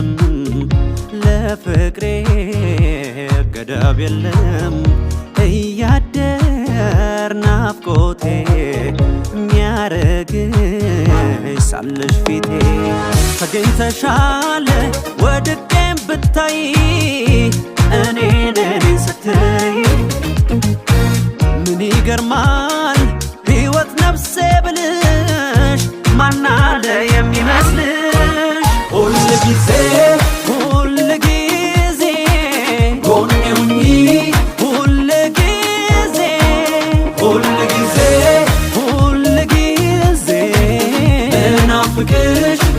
የለም ለፍቅሬ ገደብ የለም እያደር ናፍቆቴ ሚያረግሽ ሳለሽ ፊቴ ተገኝተሻለ ወድቄም ብታይ እኔን እኔን ስትይ ምን ይገርማ ሁል ጊዜ ሁል